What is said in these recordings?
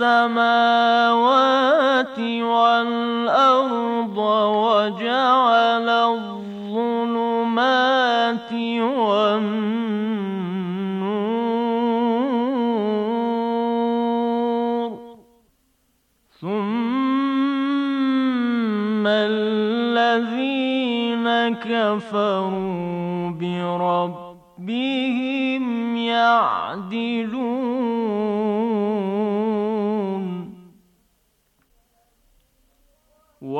السماوات والأرض وجعل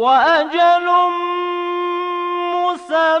وأجل مسمى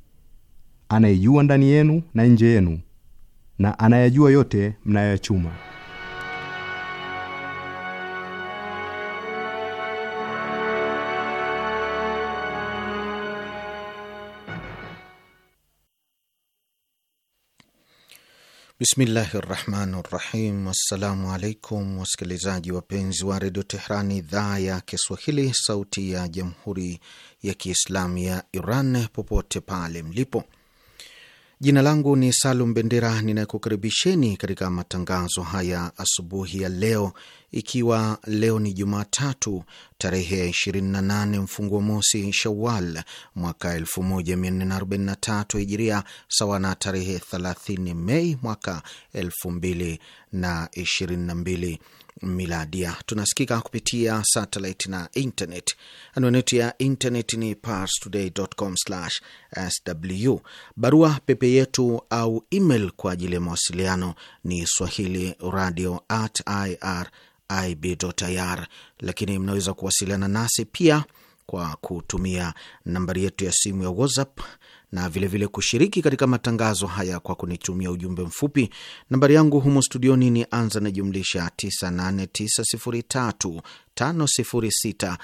anayejua ndani yenu na nje yenu na anayajua yote mnayoyachuma. Bismillahi rahmani rahim. Assalamu alaikum wasikilizaji wapenzi wa redio Tehrani, idhaa ya Kiswahili, sauti ya jamhuri ya kiislamu ya Iran, popote pale mlipo. Jina langu ni Salum Bendera, ninakukaribisheni katika matangazo haya asubuhi ya leo, ikiwa leo ni Jumatatu tarehe ya 28 mfunguo mosi Shawal mwaka 1443 Hijiria, sawa na tarehe 30 Mei mwaka 2022 miladia. Tunasikika kupitia satellite na internet. Anwani yetu ya internet ni parstoday.com/sw. Barua pepe yetu au email kwa ajili ya mawasiliano ni swahili radio at irib.ir, lakini mnaweza kuwasiliana nasi pia kwa kutumia nambari yetu ya simu ya WhatsApp na vilevile vile kushiriki katika matangazo haya kwa kunitumia ujumbe mfupi. Nambari yangu humo studioni ni anza na jumlisha 989035 5065487.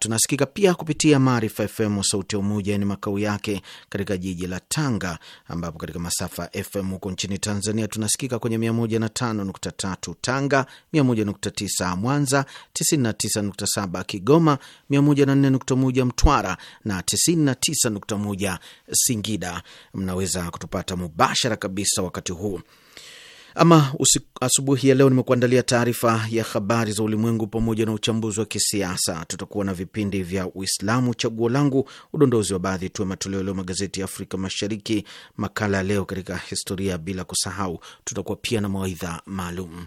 Tunasikika pia kupitia Maarifa FM, sauti ya Umoja ni makao yake katika jiji la Tanga, ambapo katika masafa FM huko nchini Tanzania tunasikika kwenye 105.3 Tanga, 101.9 Mwanza, 99.7 Kigoma, 104.1 Mtwara na 99.1 Singida. Mnaweza kutupata mubashara kabisa wakati huu ama asubuhi ya leo nimekuandalia taarifa ya habari za ulimwengu pamoja na uchambuzi wa kisiasa. Tutakuwa na vipindi vya Uislamu, chaguo langu, udondozi wa baadhi tu ya matoleo leo magazeti ya Afrika Mashariki, makala ya leo katika historia, bila kusahau tutakuwa pia na mawaidha maalum.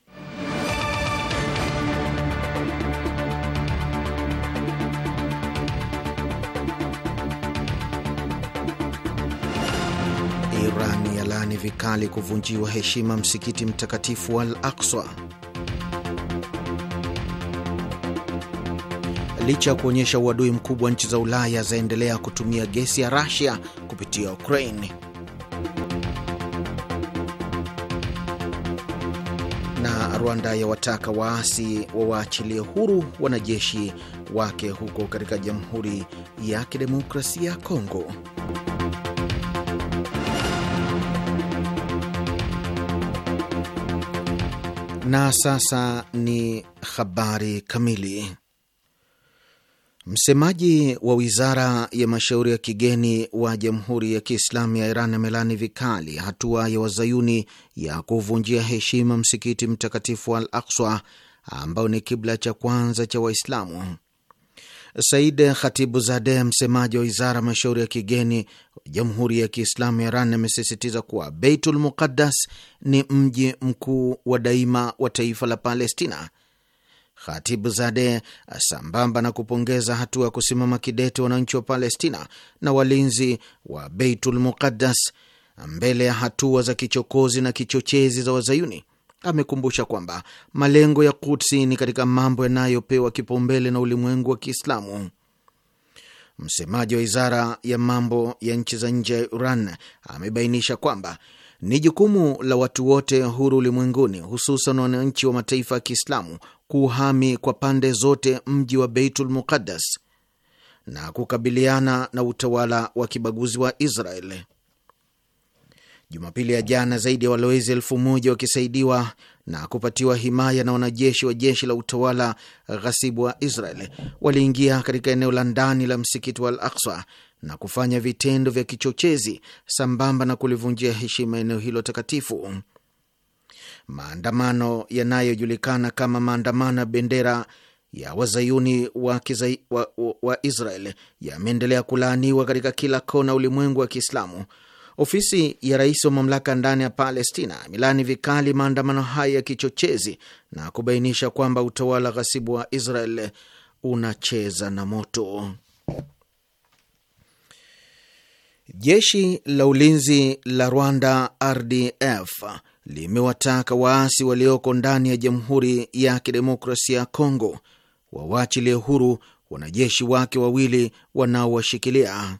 Serikali kuvunjiwa heshima msikiti mtakatifu wa Al Aqsa. Licha ya kuonyesha uadui mkubwa, nchi za Ulaya zaendelea kutumia gesi ya Rasia kupitia Ukraine. Na Rwanda yawataka waasi wawaachilie huru wanajeshi wake huko katika Jamhuri ya Kidemokrasia ya Kongo. Na sasa ni habari kamili. Msemaji wa wizara ya mashauri ya kigeni wa Jamhuri ya Kiislamu ya Iran amelani vikali hatua ya wazayuni ya kuvunjia heshima msikiti mtakatifu wa Al Akswa ambao ni kibla cha kwanza cha Waislamu. Said Khatibu Zade, msemaji wa wizara mashauri ya kigeni wa Jamhuri ya Kiislamu ya Iran, amesisitiza kuwa Beitul Muqaddas ni mji mkuu wa daima wa taifa la Palestina. Khatibu Zade, sambamba na kupongeza hatua ya kusimama kidete wananchi wa Palestina na walinzi wa Beitul Muqaddas mbele ya hatua za kichokozi na kichochezi za Wazayuni, amekumbusha kwamba malengo ya Kutsi ni katika mambo yanayopewa kipaumbele na ulimwengu wa Kiislamu. Msemaji wa wizara ya mambo ya nchi za nje ya Iran amebainisha kwamba ni jukumu la watu wote huru ulimwenguni, hususan wananchi wa mataifa ya Kiislamu kuuhami kwa pande zote mji wa Beitul Muqaddas na kukabiliana na utawala wa kibaguzi wa Israeli. Jumapili ya jana, zaidi ya walowezi elfu moja wakisaidiwa na kupatiwa himaya na wanajeshi wa jeshi la utawala ghasibu wa Israel waliingia katika eneo la ndani la msikiti wa Al Aksa na kufanya vitendo vya kichochezi sambamba na kulivunjia heshima eneo hilo takatifu. Maandamano yanayojulikana kama maandamano ya bendera ya wazayuni wa, kizai, wa, wa, wa Israel yameendelea kulaaniwa katika kila kona ulimwengu wa Kiislamu Ofisi ya rais wa mamlaka ndani ya Palestina milani vikali maandamano haya ya kichochezi na kubainisha kwamba utawala ghasibu wa Israel unacheza na moto. Jeshi la ulinzi la Rwanda RDF limewataka waasi walioko ndani ya Jamhuri ya Kidemokrasia ya Kongo wawachilie huru wanajeshi wake wawili wanaowashikilia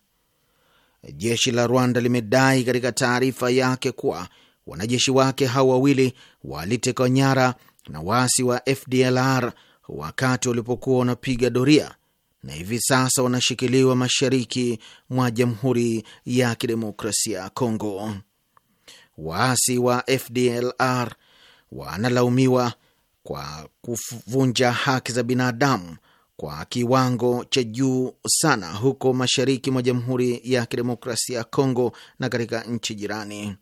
jeshi la Rwanda limedai katika taarifa yake kuwa wanajeshi wake hao wawili walitekwa nyara na waasi wa FDLR wakati walipokuwa wanapiga doria na hivi sasa wanashikiliwa mashariki mwa Jamhuri ya Kidemokrasia ya Kongo. Waasi wa FDLR wanalaumiwa kwa kuvunja haki za binadamu kwa kiwango cha juu sana huko mashariki mwa Jamhuri ya Kidemokrasia ya Kongo na katika nchi jirani.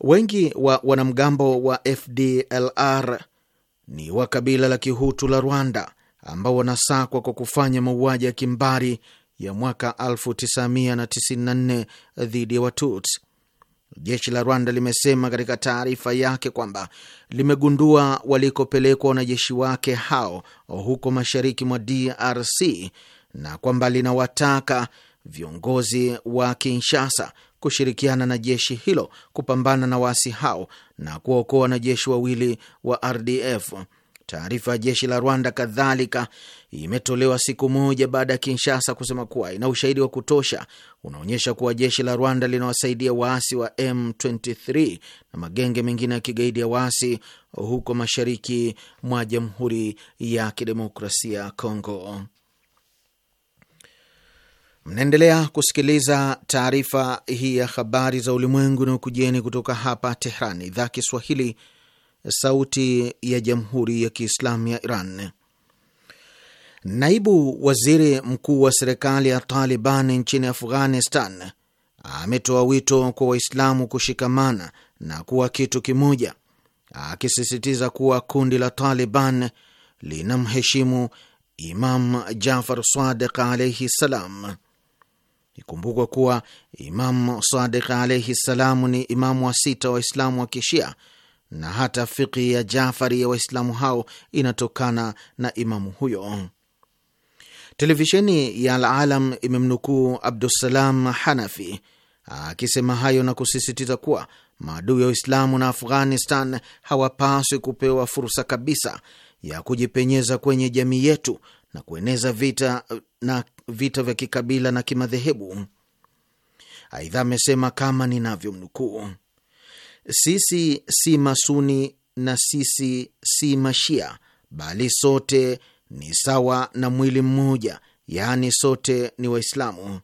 Wengi wa wanamgambo wa FDLR ni wa kabila la Kihutu la Rwanda ambao wanasakwa kwa kufanya mauaji ya kimbari ya mwaka 1994 dhidi ya Watuts. Jeshi la Rwanda limesema katika taarifa yake kwamba limegundua walikopelekwa wanajeshi wake hao huko mashariki mwa DRC na kwamba linawataka viongozi wa Kinshasa kushirikiana na jeshi hilo kupambana na waasi hao na kuwaokoa wanajeshi wawili wa RDF. Taarifa ya jeshi la Rwanda kadhalika imetolewa siku moja baada ya Kinshasa kusema kuwa ina ushahidi wa kutosha unaonyesha kuwa jeshi la Rwanda linawasaidia waasi wa M23 na magenge mengine ya kigaidi ya waasi huko mashariki mwa Jamhuri ya Kidemokrasia ya Kongo. Mnaendelea kusikiliza taarifa hii ya habari za ulimwengu na ukujeni kutoka hapa Tehran, idhaa Kiswahili, Sauti ya Jamhuri ya Kiislamu ya Iran. Naibu waziri mkuu wa serikali ya Taliban nchini Afghanistan ametoa wito kwa Waislamu kushikamana na kuwa kitu kimoja, akisisitiza kuwa kundi la Taliban linamheshimu Imam Jafar Sadiq alaihi ssalam. ikumbukwa kuwa Imam Sadiq alaihi ssalam ni imamu wa sita Waislamu wa Kishia na hata fiki ya Jafari ya Waislamu hao inatokana na imamu huyo. Televisheni ya Alalam imemnukuu abdusalam Hanafi akisema hayo na kusisitiza kuwa maadui ya Uislamu na Afghanistan hawapaswi kupewa fursa kabisa ya kujipenyeza kwenye jamii yetu na kueneza vita na vita vya kikabila na kimadhehebu. Aidha amesema kama ninavyomnukuu sisi si masuni na sisi si mashia, bali sote ni sawa na mwili mmoja, yaani sote ni Waislamu.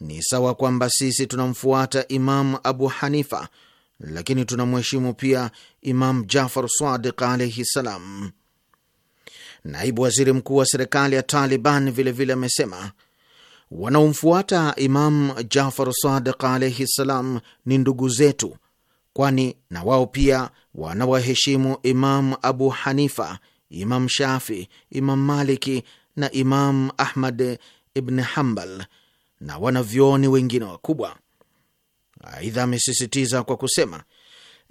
Ni sawa kwamba sisi tunamfuata imam Abu Hanifa, lakini tunamheshimu pia Imam Jafar Sadiq alaihi ssalam. Naibu waziri mkuu wa serikali ya Taliban vilevile amesema vile wanaomfuata Imam Jafar Sadiq alaihi ssalam ni ndugu zetu kwani na wao pia wanawaheshimu imam Abu Hanifa, imam Shafi, imam Maliki na imam Ahmad ibn Hambal na wanavyuoni wengine wakubwa. Aidha, amesisitiza kwa kusema,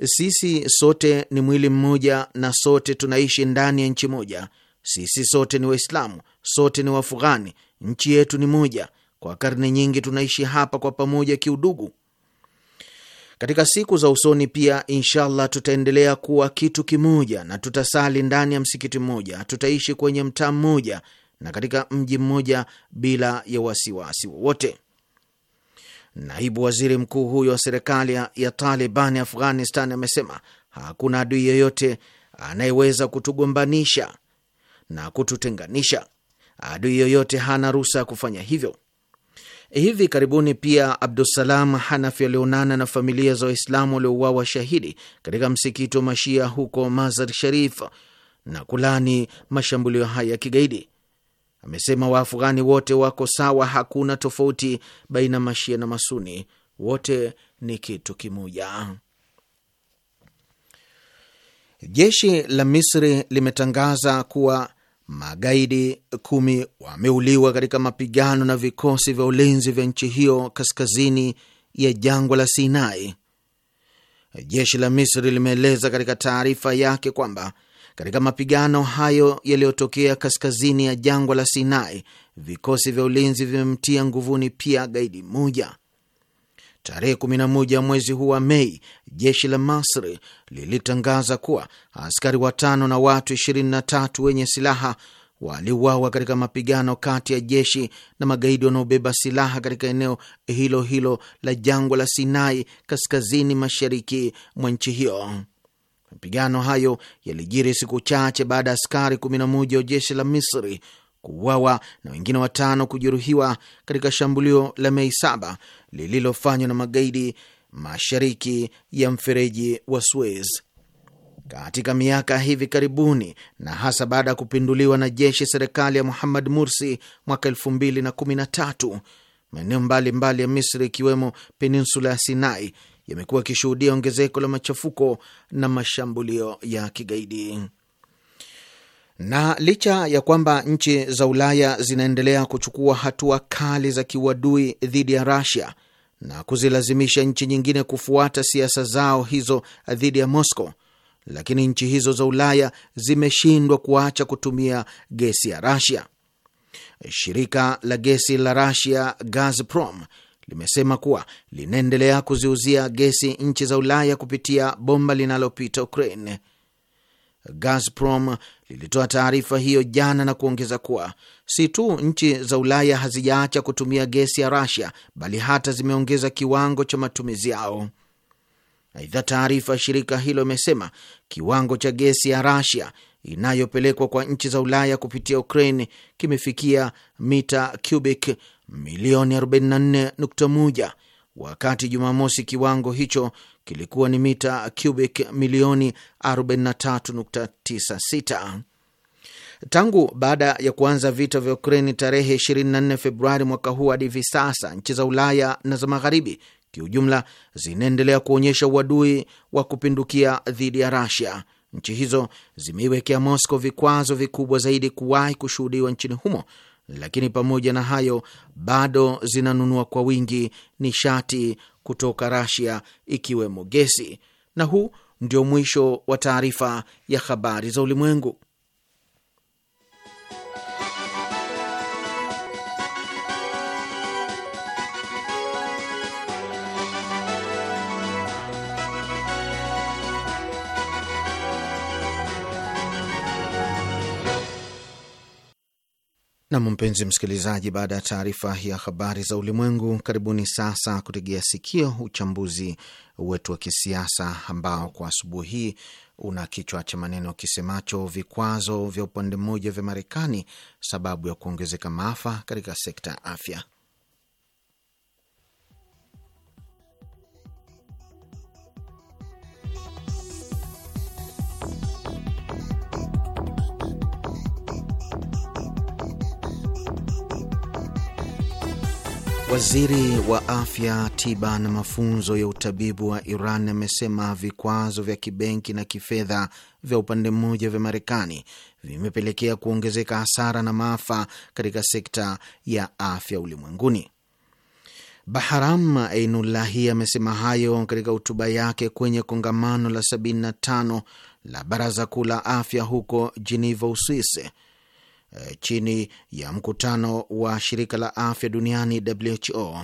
sisi sote ni mwili mmoja na sote tunaishi ndani ya nchi moja. Sisi sote ni Waislamu, sote ni Wafughani, nchi yetu ni moja. Kwa karne nyingi tunaishi hapa kwa pamoja kiudugu katika siku za usoni pia inshallah tutaendelea kuwa kitu kimoja na tutasali ndani ya msikiti mmoja, tutaishi kwenye mtaa mmoja na katika mji mmoja bila ya wasiwasi wowote. Naibu waziri mkuu huyo wa serikali ya Taliban ya Afghanistan amesema hakuna adui yoyote anayeweza kutugombanisha na kututenganisha. Adui yoyote hana ruhusa ya kufanya hivyo. Hivi karibuni pia Abdusalam Hanafi alionana na familia za Waislamu waliouawa shahidi katika msikiti wa Mashia huko Mazar Sharif na kulani mashambulio haya ya kigaidi. Amesema Waafghani wote wako sawa, hakuna tofauti baina Mashia na Masuni, wote ni kitu kimoja. Jeshi la Misri limetangaza kuwa Magaidi kumi wameuliwa katika mapigano na vikosi vya ulinzi vya nchi hiyo kaskazini ya jangwa la Sinai. Jeshi la Misri limeeleza katika taarifa yake kwamba katika mapigano hayo yaliyotokea kaskazini ya jangwa la Sinai, vikosi vya ulinzi vimemtia nguvuni pia gaidi moja Tarehe 11 mwezi huu wa Mei, jeshi la Masri lilitangaza kuwa askari watano na watu 23 wenye silaha waliuawa katika mapigano kati ya jeshi na magaidi wanaobeba silaha katika eneo hilo hilo la jangwa la Sinai, kaskazini mashariki mwa nchi hiyo. Mapigano hayo yalijiri siku chache baada ya askari 11 wa jeshi la Misri kuuawa na wengine watano kujeruhiwa katika shambulio la Mei saba lililofanywa na magaidi mashariki ya mfereji wa Suez katika miaka hivi karibuni na hasa baada ya kupinduliwa na jeshi serikali ya Muhammad Mursi mwaka elfu mbili na kumi na tatu, maeneo mbalimbali ya Misri ikiwemo peninsula ya Sinai yamekuwa yakishuhudia ongezeko la machafuko na mashambulio ya kigaidi. Na licha ya kwamba nchi za Ulaya zinaendelea kuchukua hatua kali za kiuadui dhidi ya rasia na kuzilazimisha nchi nyingine kufuata siasa zao hizo dhidi ya Moscow, lakini nchi hizo za Ulaya zimeshindwa kuacha kutumia gesi ya rasia Shirika la gesi la rasia Gazprom limesema kuwa linaendelea kuziuzia gesi nchi za Ulaya kupitia bomba linalopita Ukraine. Gazprom lilitoa taarifa hiyo jana na kuongeza kuwa si tu nchi za Ulaya hazijaacha kutumia gesi ya Rasia bali hata zimeongeza kiwango cha matumizi yao. Aidha, taarifa ya shirika hilo imesema kiwango cha gesi ya Rasia inayopelekwa kwa nchi za Ulaya kupitia Ukraine kimefikia mita cubic milioni 44.1 wakati Jumamosi kiwango hicho kilikuwa ni mita cubic milioni 43.96. Tangu baada ya kuanza vita vya Ukraini tarehe 24 Februari mwaka huu hadi hivi sasa, nchi za Ulaya na za Magharibi kiujumla zinaendelea kuonyesha uadui wa kupindukia dhidi ya Rasia. Nchi hizo zimeiwekea Mosco vikwazo vikubwa zaidi kuwahi kushuhudiwa nchini humo, lakini pamoja na hayo bado zinanunua kwa wingi nishati kutoka Rasia, ikiwemo gesi. Na huu ndio mwisho wa taarifa ya habari za ulimwengu. Nam, mpenzi msikilizaji, baada ya taarifa ya habari za ulimwengu, karibuni sasa kutegea sikio uchambuzi wetu wa kisiasa ambao kwa asubuhi hii una kichwa cha maneno kisemacho vikwazo vya upande mmoja vya Marekani sababu ya kuongezeka maafa katika sekta ya afya. Waziri wa afya, tiba na mafunzo ya utabibu wa Iran amesema vikwazo vya kibenki na kifedha vya upande mmoja vya Marekani vimepelekea kuongezeka hasara na maafa katika sekta ya afya ulimwenguni. Baharam Einullahi amesema hayo katika hotuba yake kwenye kongamano la 75 la Baraza Kuu la Afya huko Geneva, Uswisi Eh, chini ya mkutano wa shirika la afya duniani WHO,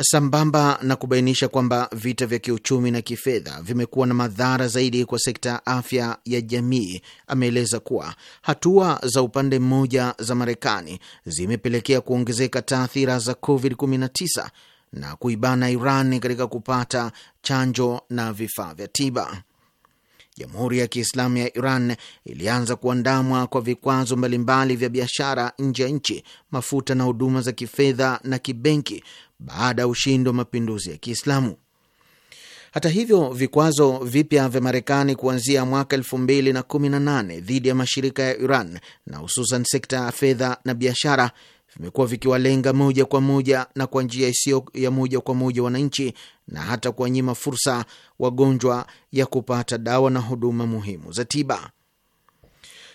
sambamba na kubainisha kwamba vita vya kiuchumi na kifedha vimekuwa na madhara zaidi kwa sekta ya afya ya jamii. Ameeleza kuwa hatua za upande mmoja za Marekani zimepelekea kuongezeka taathira za COVID-19 na kuibana Iran katika kupata chanjo na vifaa vya tiba. Jamhuri ya Kiislamu ya Iran ilianza kuandamwa kwa vikwazo mbalimbali vya biashara nje ya nchi, mafuta na huduma za kifedha na kibenki baada ya ushindi wa mapinduzi ya Kiislamu. Hata hivyo, vikwazo vipya vya Marekani kuanzia mwaka elfu na dhidi ya mashirika ya Iran na hususan sekta ya fedha na biashara vimekuwa vikiwalenga moja kwa moja na kwa njia isiyo ya moja kwa moja wananchi na hata kuwanyima fursa wagonjwa ya kupata dawa na huduma muhimu za tiba.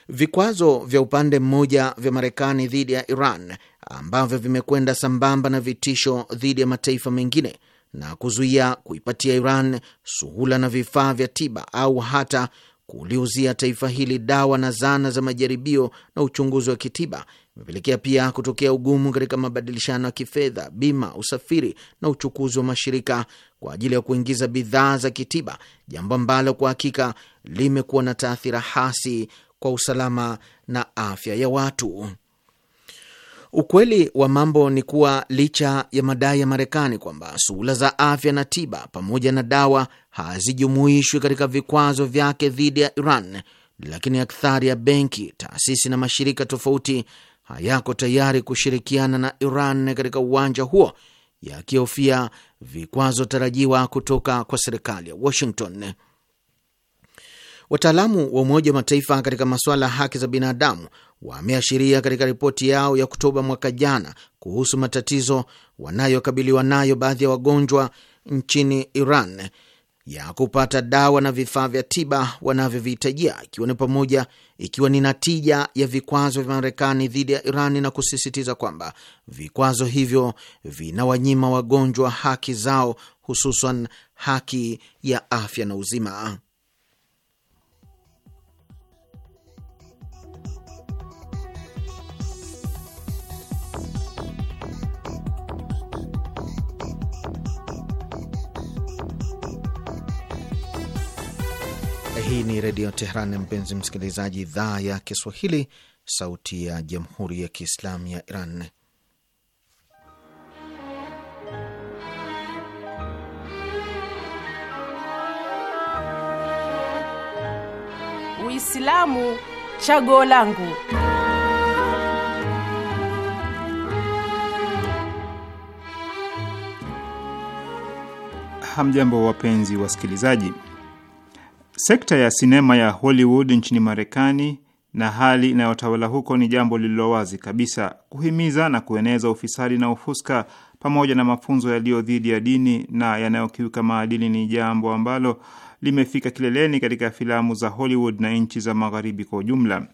Vikwazo vya upande mmoja vya Marekani dhidi ya Iran ambavyo vimekwenda sambamba na vitisho dhidi ya mataifa mengine na kuzuia kuipatia Iran suhula na vifaa vya tiba au hata kuliuzia taifa hili dawa na zana za majaribio na uchunguzi wa kitiba imepelekea pia kutokea ugumu katika mabadilishano ya kifedha, bima, usafiri na uchukuzi wa mashirika kwa ajili ya kuingiza bidhaa za kitiba, jambo ambalo kwa hakika limekuwa na taathira hasi kwa usalama na afya ya watu. Ukweli wa mambo ni kuwa licha ya madai ya Marekani kwamba suhula za afya na tiba pamoja na dawa hazijumuishwi katika vikwazo vyake dhidi ya Iran, lakini akthari ya benki, taasisi na mashirika tofauti hayako tayari kushirikiana na Iran katika uwanja huo, yakihofia vikwazo tarajiwa kutoka kwa serikali ya Washington. Wataalamu wa Umoja wa Mataifa katika masuala ya haki za binadamu wameashiria katika ripoti yao ya Oktoba mwaka jana kuhusu matatizo wanayokabiliwa nayo baadhi ya wagonjwa nchini Iran ya kupata dawa na vifaa vya tiba wanavyovihitajia ikiwa ni pamoja ikiwa ni natija ya vikwazo vya Marekani dhidi ya Irani na kusisitiza kwamba vikwazo hivyo vinawanyima wagonjwa haki zao hususan haki ya afya na uzima. Hii ni Redio Tehran, mpenzi msikilizaji, idhaa ya Kiswahili, sauti ya Jamhuri ya Kiislamu ya Iran. Uislamu chaguo langu. Hamjambo wapenzi wasikilizaji Sekta ya sinema ya Hollywood nchini Marekani na hali inayotawala huko ni jambo lililo wazi kabisa. Kuhimiza na kueneza ufisadi na ufuska pamoja na mafunzo yaliyo dhidi ya dini na yanayokiuka maadili ni jambo ambalo limefika kileleni katika filamu za Hollywood na nchi za Magharibi kwa ujumla.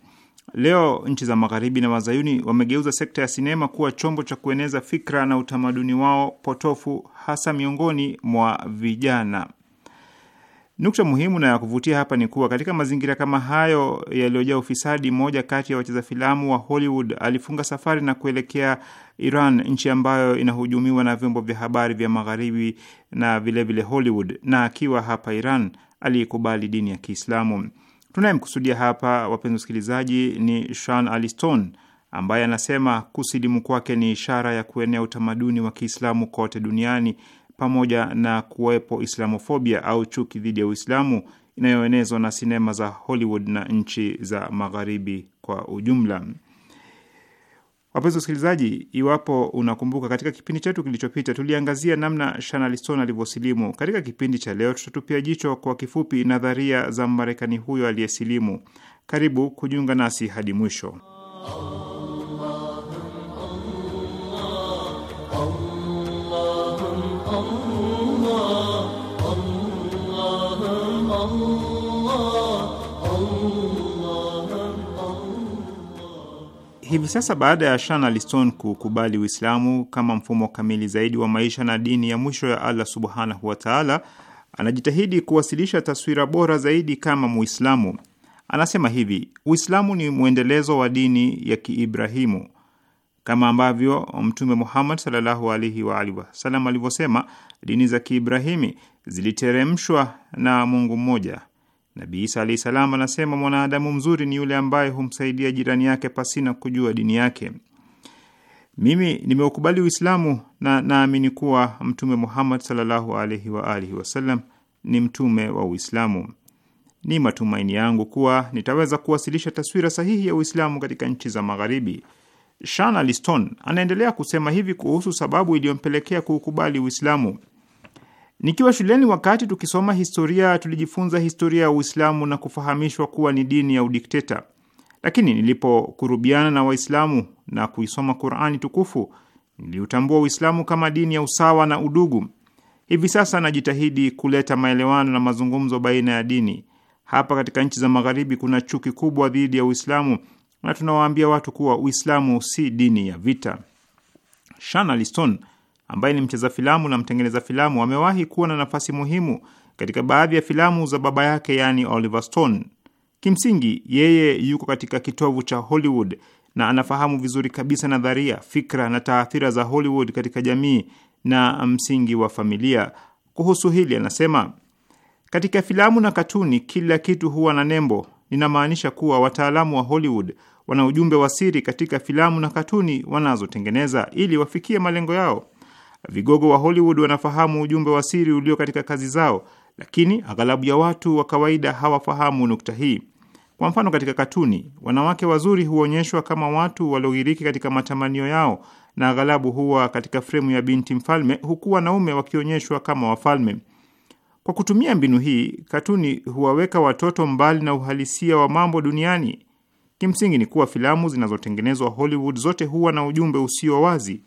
Leo nchi za Magharibi na Wazayuni wamegeuza sekta ya sinema kuwa chombo cha kueneza fikra na utamaduni wao potofu, hasa miongoni mwa vijana. Nukta muhimu na ya kuvutia hapa ni kuwa katika mazingira kama hayo yaliyojaa ufisadi, mmoja kati ya wacheza filamu wa Hollywood alifunga safari na kuelekea Iran, nchi ambayo inahujumiwa na vyombo vya habari vya Magharibi na vilevile vile Hollywood, na akiwa hapa Iran aliyekubali dini ya Kiislamu. Tunayemkusudia hapa, wapenzi wasikilizaji, ni Shan Aliston ambaye anasema kusilimu kwake ni ishara ya kuenea utamaduni wa Kiislamu kote duniani pamoja na kuwepo Islamofobia au chuki dhidi ya Uislamu inayoenezwa na sinema za Hollywood na nchi za Magharibi kwa ujumla. Wapenzi wasikilizaji, iwapo unakumbuka, katika kipindi chetu kilichopita tuliangazia namna Shana alivyosilimu. Katika kipindi cha leo, tutatupia jicho kwa kifupi nadharia za Mmarekani huyo aliyesilimu. Karibu kujiunga nasi hadi mwisho. Hivi sasa baada ya Shana Liston kukubali Uislamu kama mfumo kamili zaidi wa maisha na dini ya mwisho ya Allah subhanahu wataala, anajitahidi kuwasilisha taswira bora zaidi kama Muislamu. Anasema hivi: Uislamu ni mwendelezo wa dini ya Kiibrahimu, kama ambavyo Mtume Muhammad sallallahu alaihi wa alihi wasallam alivyosema, dini za Kiibrahimi ziliteremshwa na Mungu mmoja. Nabii Isa alahi salam anasema mwanadamu mzuri ni yule ambaye humsaidia jirani yake pasina kujua dini yake. Mimi nimeukubali Uislamu na naamini kuwa Mtume Muhammad sallallahu alaihi wa alihi wasallam ni mtume wa Uislamu. Ni matumaini yangu kuwa nitaweza kuwasilisha taswira sahihi ya Uislamu katika nchi za Magharibi. Shana Liston anaendelea kusema hivi kuhusu sababu iliyompelekea kuukubali Uislamu: Nikiwa shuleni, wakati tukisoma historia, tulijifunza historia ya Uislamu na kufahamishwa kuwa ni dini ya udikteta. Lakini nilipokurubiana na Waislamu na kuisoma Qurani tukufu niliutambua Uislamu kama dini ya usawa na udugu. Hivi sasa najitahidi kuleta maelewano na mazungumzo baina ya dini. Hapa katika nchi za Magharibi kuna chuki kubwa dhidi ya Uislamu na tunawaambia watu kuwa Uislamu si dini ya vita. Shana ambaye ni mcheza filamu na mtengeneza filamu, amewahi kuwa na nafasi muhimu katika baadhi ya filamu za baba yake, yaani Oliver Stone. Kimsingi yeye yuko katika kitovu cha Hollywood na anafahamu vizuri kabisa nadharia, fikra na taathira za Hollywood katika jamii na msingi wa familia. Kuhusu hili anasema, katika filamu na katuni kila kitu huwa na nembo. Ninamaanisha kuwa wataalamu wa Hollywood wana ujumbe wa siri katika filamu na katuni wanazotengeneza ili wafikie malengo yao. Vigogo wa Hollywood wanafahamu ujumbe wa siri ulio katika kazi zao, lakini aghalabu ya watu wa kawaida hawafahamu nukta hii. Kwa mfano, katika katuni wanawake wazuri huonyeshwa kama watu walioghiriki katika matamanio yao, na aghalabu huwa katika fremu ya binti mfalme, huku wanaume wakionyeshwa kama wafalme. Kwa kutumia mbinu hii, katuni huwaweka watoto mbali na uhalisia wa mambo duniani. Kimsingi ni kuwa filamu zinazotengenezwa Hollywood zote huwa na ujumbe usio wazi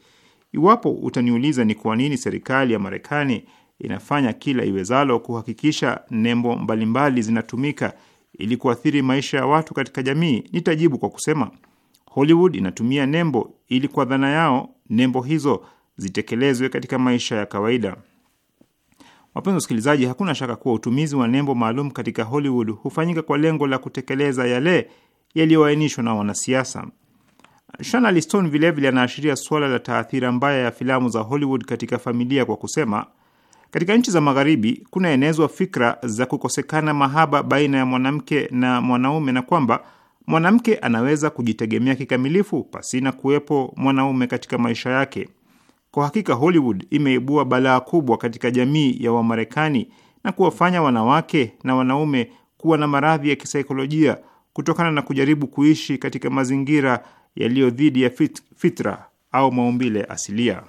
Iwapo utaniuliza ni kwa nini serikali ya Marekani inafanya kila iwezalo kuhakikisha nembo mbalimbali zinatumika ili kuathiri maisha ya watu katika jamii, nitajibu kwa kusema Hollywood inatumia nembo ili kwa dhana yao nembo hizo zitekelezwe katika maisha ya kawaida. Wapenzi wasikilizaji, hakuna shaka kuwa utumizi wa nembo maalum katika Hollywood hufanyika kwa lengo la kutekeleza yale yaliyoainishwa na wanasiasa. Shana Liston vilevile anaashiria suala la taathira mbaya ya filamu za Hollywood katika familia kwa kusema, katika nchi za Magharibi kunaenezwa fikra za kukosekana mahaba baina ya mwanamke na mwanaume na kwamba mwanamke anaweza kujitegemea kikamilifu pasina kuwepo mwanaume katika maisha yake. Kwa hakika Hollywood imeibua balaa kubwa katika jamii ya Wamarekani na kuwafanya wanawake na wanaume kuwa na maradhi ya kisaikolojia kutokana na kujaribu kuishi katika mazingira yaliyo dhidi ya fit, fitra au maumbile asilia.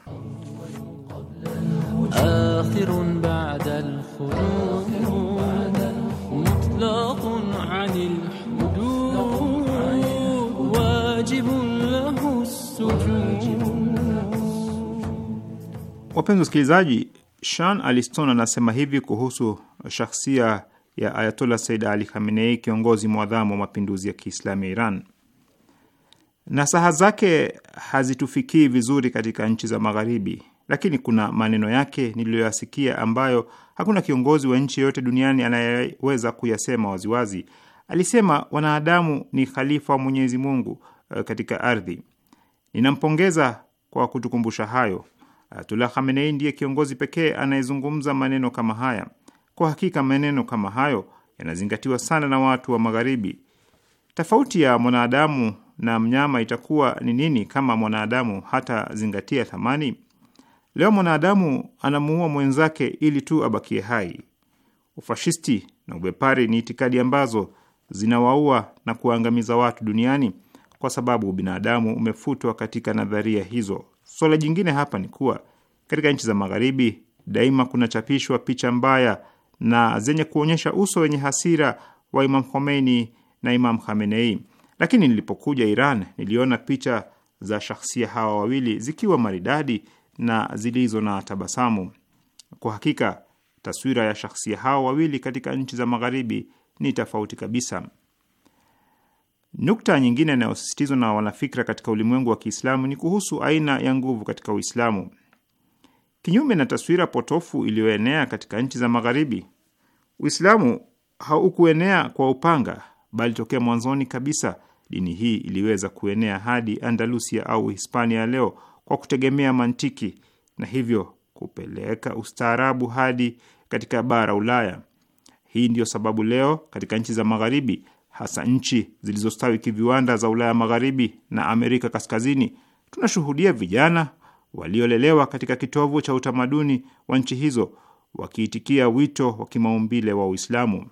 Wapenzi wasikilizaji, Shan Aliston anasema hivi kuhusu shakhsia ya ayatollah Said Ali Khamenei, kiongozi mwadhamu wa mapinduzi ya Kiislamu ya Iran: Nasaha zake hazitufikii vizuri katika nchi za Magharibi, lakini kuna maneno yake niliyoyasikia ambayo hakuna kiongozi wa nchi yoyote duniani anayeweza kuyasema waziwazi. Alisema wanadamu ni khalifa wa Mwenyezi Mungu eh, katika ardhi. Ninampongeza kwa kutukumbusha hayo. Ayatullah Khamenei ndiye kiongozi pekee anayezungumza maneno kama haya. Kwa hakika maneno kama hayo yanazingatiwa sana na watu wa Magharibi. Tofauti ya mwanadamu na mnyama itakuwa ni nini kama mwanadamu hata zingatia thamani? Leo mwanadamu anamuua mwenzake ili tu abakie hai. Ufashisti na ubepari ni itikadi ambazo zinawaua na kuangamiza watu duniani kwa sababu binadamu umefutwa katika nadharia hizo. Suala jingine hapa ni kuwa katika nchi za Magharibi daima kunachapishwa picha mbaya na zenye kuonyesha uso wenye hasira wa Imam Khomeini na Imam Khamenei. Lakini nilipokuja Iran niliona picha za shahsia hawa wawili zikiwa maridadi na zilizo na tabasamu. Kwa hakika taswira ya shahsia hawa wawili katika nchi za magharibi ni tofauti kabisa. Nukta nyingine inayosisitizwa na wanafikra katika ulimwengu wa Kiislamu ni kuhusu aina ya nguvu katika Uislamu. Kinyume na taswira potofu iliyoenea katika nchi za magharibi, Uislamu haukuenea kwa upanga, bali tokea mwanzoni kabisa dini hii iliweza kuenea hadi Andalusia au Hispania leo kwa kutegemea mantiki na hivyo kupeleka ustaarabu hadi katika bara Ulaya. Hii ndiyo sababu leo katika nchi za Magharibi, hasa nchi zilizostawi kiviwanda za Ulaya Magharibi na Amerika Kaskazini, tunashuhudia vijana waliolelewa katika kitovu cha utamaduni wa nchi hizo wakiitikia wito wa kimaumbile wa Uislamu.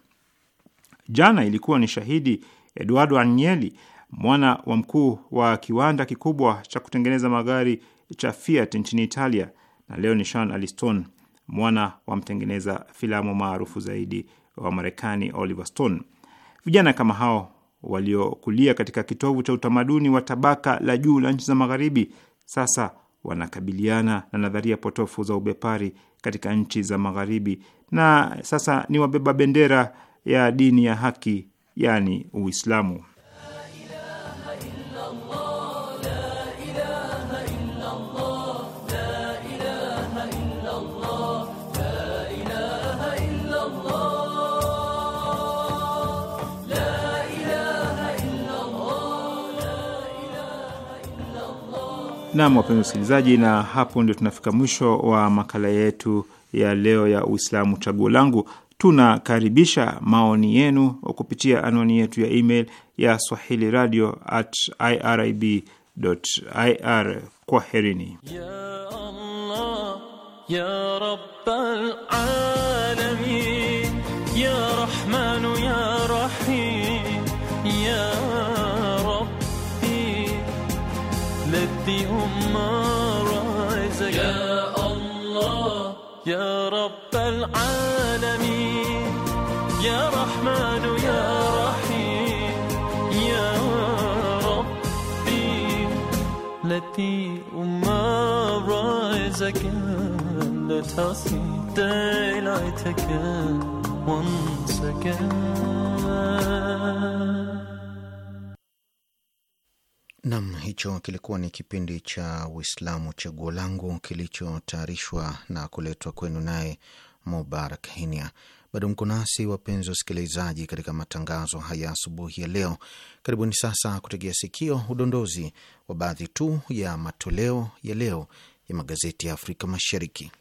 Jana ilikuwa ni shahidi Eduardo Agnelli, mwana wa mkuu wa kiwanda kikubwa cha kutengeneza magari cha Fiat nchini Italia, na Leon Aliston, mwana wa mtengeneza filamu maarufu zaidi wa Marekani Oliver Stone. Vijana kama hao waliokulia katika kitovu cha utamaduni wa tabaka la juu la nchi za Magharibi sasa wanakabiliana na nadharia potofu za ubepari katika nchi za Magharibi, na sasa ni wabeba bendera ya dini ya haki yani Uislamu. Nam, wapenzi wasikilizaji, na hapo ndio tunafika mwisho wa makala yetu ya leo ya Uislamu Chaguo Langu. Tunakaribisha maoni yenu kupitia anwani yetu ya email ya swahili radio at irib ir. Kwaherini ya Allah, ya Rabbal alamin, Nam, hicho kilikuwa ni kipindi cha Uislamu Chaguo Langu kilichotayarishwa na kuletwa kwenu naye Mubarak Hinia. Bado mko nasi wapenzi wasikilizaji, katika matangazo haya asubuhi ya leo. Karibuni sasa kutegea sikio udondozi wa baadhi tu ya matoleo ya leo ya magazeti ya Afrika Mashariki.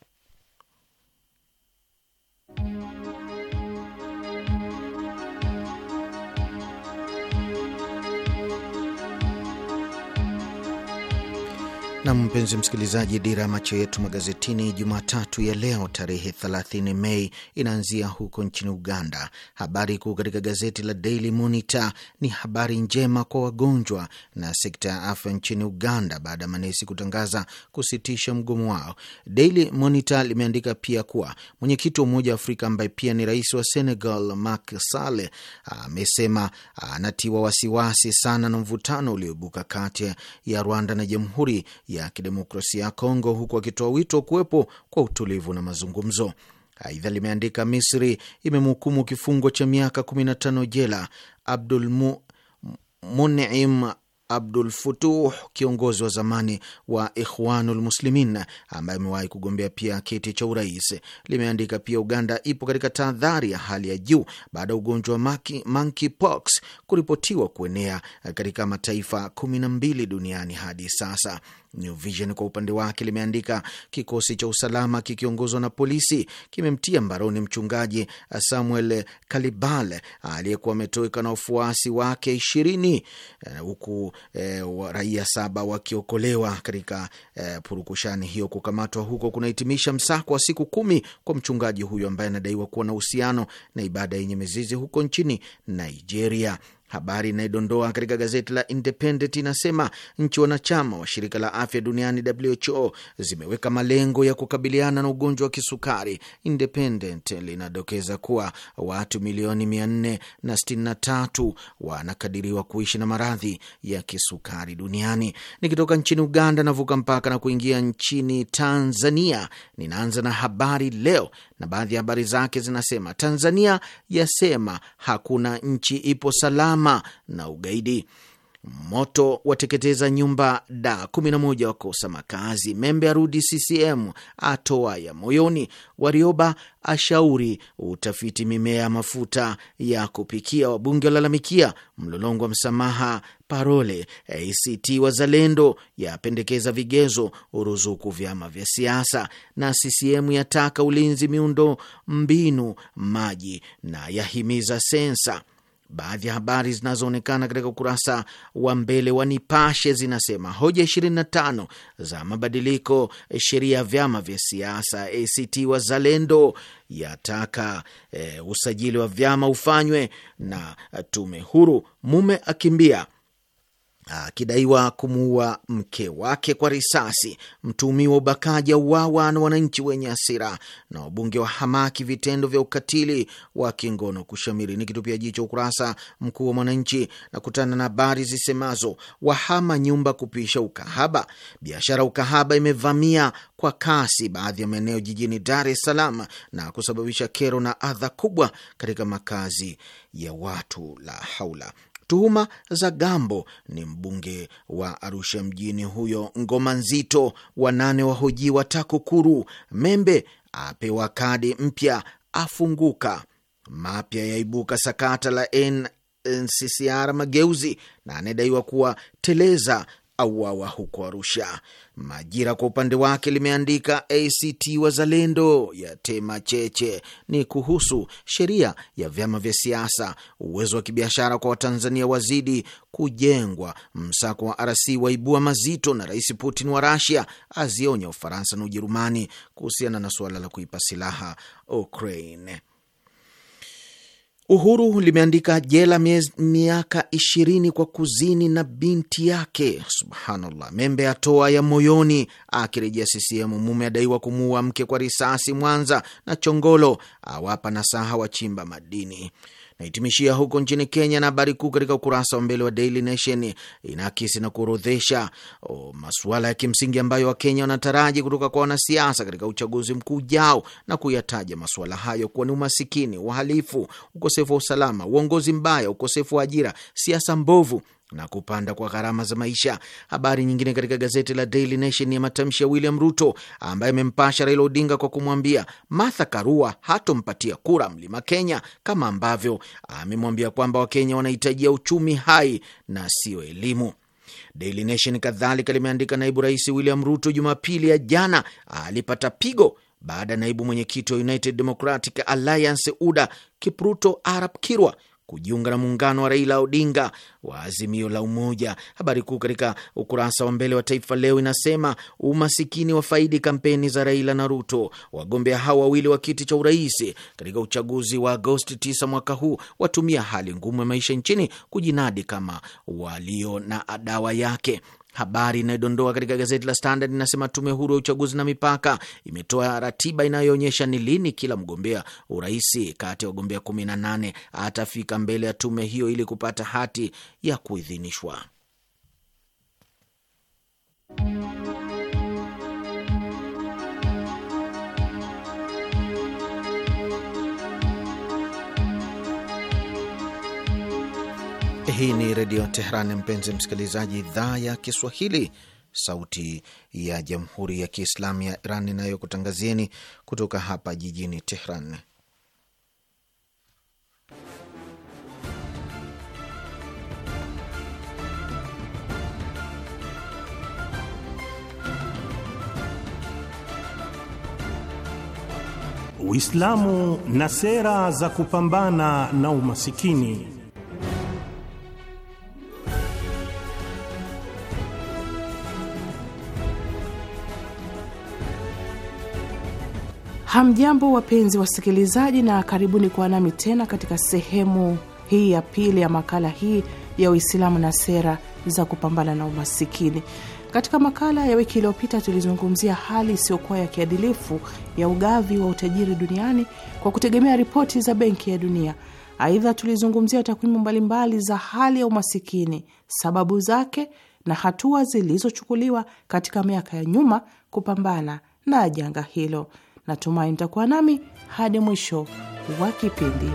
Na mpenzi msikilizaji, dira ya macho yetu magazetini Jumatatu ya leo tarehe 30 Mei inaanzia huko nchini Uganda. Habari kuu katika gazeti la Daily Monitor ni habari njema kwa wagonjwa na sekta ya afya nchini Uganda baada ya manesi kutangaza kusitisha mgomo wao. Daily Monitor limeandika pia kuwa mwenyekiti wa Umoja wa Afrika ambaye pia ni rais wa Senegal Macky Sall amesema anatiwa wasiwasi sana na mvutano ulioibuka kati ya Rwanda na jamhuri ya ya kidemokrasia ya Kongo, huku akitoa wito kuwepo kwa utulivu na mazungumzo. Aidha limeandika Misri imemhukumu kifungo cha miaka 15 jela Abdul Munim Abdul Futuh, kiongozi wa zamani wa Ikhwanul Muslimin ambaye amewahi kugombea pia kiti cha urais. Limeandika pia Uganda ipo katika tahadhari ya hali ya juu baada ya ugonjwa wa monkeypox kuripotiwa kuenea katika mataifa kumi na mbili duniani hadi sasa. New Vision kwa upande wake limeandika kikosi cha usalama kikiongozwa na polisi kimemtia mbaroni mchungaji Samuel Kalibal aliyekuwa ametoweka na wafuasi wake ishirini eh, huku e, raia saba wakiokolewa katika e, purukushani hiyo. Kukamatwa huko kunahitimisha msako wa siku kumi kwa mchungaji huyo ambaye anadaiwa kuwa na uhusiano na ibada yenye mizizi huko nchini Nigeria. Habari inayodondoa katika gazeti la Independent inasema nchi wanachama wa shirika la afya duniani WHO zimeweka malengo ya kukabiliana na ugonjwa wa kisukari. Independent linadokeza kuwa watu milioni 463 wanakadiriwa kuishi na maradhi ya kisukari duniani. Nikitoka nchini Uganda navuka mpaka na kuingia nchini Tanzania, ninaanza na habari leo na baadhi ya habari zake zinasema Tanzania yasema hakuna nchi ipo salama na ugaidi. Moto wateketeza nyumba da 11 wakosa makazi. Membe arudi CCM atoa ya moyoni. Warioba ashauri utafiti mimea ya mafuta ya kupikia. Wabunge walalamikia mlolongo wa msamaha Parole. ACT Wazalendo yapendekeza vigezo uruzuku vyama vya siasa, na CCM yataka ulinzi miundo mbinu maji, na yahimiza sensa. Baadhi ya habari zinazoonekana katika ukurasa wa mbele wa Nipashe zinasema hoja 25 za mabadiliko sheria ya vyama vya siasa ACT Wazalendo yataka e, usajili wa vyama ufanywe na tume huru, mume akimbia akidaiwa kumuua mke wake kwa risasi. Mtuhumiwa ubakaji auawa na wananchi wenye hasira, na wabunge wa hamaki vitendo vya ukatili wa kingono kushamiri. Ni kitupia jicho ukurasa mkuu wa Mwananchi na kutana na habari zisemazo wahama nyumba kupisha ukahaba, biashara ukahaba imevamia kwa kasi baadhi ya maeneo jijini Dar es Salaam na kusababisha kero na adha kubwa katika makazi ya watu. La haula tuhuma za Gambo ni mbunge wa Arusha mjini huyo ngoma nzito. Wanane wahojiwa TAKUKURU. Membe apewa kadi mpya, afunguka. Mapya yaibuka sakata la NCCR Mageuzi, na anayedaiwa kuwa teleza auawa huko Arusha. Majira kwa upande wake limeandika ACT Wazalendo ya tema cheche ni kuhusu sheria ya vyama vya siasa, uwezo wa kibiashara kwa Watanzania wazidi kujengwa, msako wa RC waibua mazito, na Rais Putin wa Rasia azionya Ufaransa na Ujerumani kuhusiana na suala la kuipa silaha Ukraine. Uhuru limeandika jela miaka ishirini kwa kuzini na binti yake. Subhanallah. Membe atoa ya moyoni akirejea CCM. Mume adaiwa kumuua mke kwa risasi Mwanza, na Chongolo awapa nasaha wachimba madini. Nahitimishia huko nchini Kenya, na habari kuu katika ukurasa wa mbele wa Daily Nation inaakisi na kuorodhesha oh, masuala ya kimsingi ambayo Wakenya wanataraji kutoka kwa wanasiasa katika uchaguzi mkuu ujao na kuyataja masuala hayo kuwa ni umasikini, uhalifu, ukosefu wa usalama, uongozi mbaya, ukosefu wa ajira, siasa mbovu na kupanda kwa gharama za maisha. Habari nyingine katika gazeti la Daily Nation ni ya matamshi ya William Ruto ambaye amempasha Raila Odinga kwa kumwambia Martha Karua hatompatia kura mlima Kenya, kama ambavyo amemwambia kwamba Wakenya wanahitajia uchumi hai na siyo elimu. Daily Nation kadhalika limeandika naibu rais William Ruto Jumapili ya jana alipata pigo baada ya naibu mwenyekiti wa United Democratic Alliance UDA Kipruto Arap Kirwa kujiunga na muungano wa Raila Odinga wa Azimio la Umoja. Habari kuu katika ukurasa wa mbele wa Taifa Leo inasema umasikini wafaidi kampeni za Raila na Ruto. Wagombea hao wawili wa kiti cha urais katika uchaguzi wa Agosti 9 mwaka huu watumia hali ngumu ya maisha nchini kujinadi kama walio na adawa yake. Habari inayodondoa katika gazeti la Standard inasema tume huru ya uchaguzi na mipaka imetoa ratiba inayoonyesha ni lini kila mgombea urais kati ya wagombea 18 atafika mbele ya tume hiyo ili kupata hati ya kuidhinishwa. Hii ni Redio Teheran, mpenzi msikilizaji, idhaa ya Kiswahili, sauti ya Jamhuri ya Kiislamu ya Iran inayokutangazieni kutoka hapa jijini Teheran. Uislamu na sera za kupambana na umasikini. Hamjambo, wapenzi wasikilizaji, na karibuni kuwa nami tena katika sehemu hii ya pili ya makala hii ya Uislamu na sera za kupambana na umasikini. Katika makala ya wiki iliyopita tulizungumzia hali isiyokuwa ya kiadilifu ya ugavi wa utajiri duniani kwa kutegemea ripoti za Benki ya Dunia. Aidha, tulizungumzia takwimu mbalimbali za hali ya umasikini, sababu zake na hatua zilizochukuliwa katika miaka ya nyuma kupambana na janga hilo. Natumai mtakuwa nami hadi mwisho wa kipindi.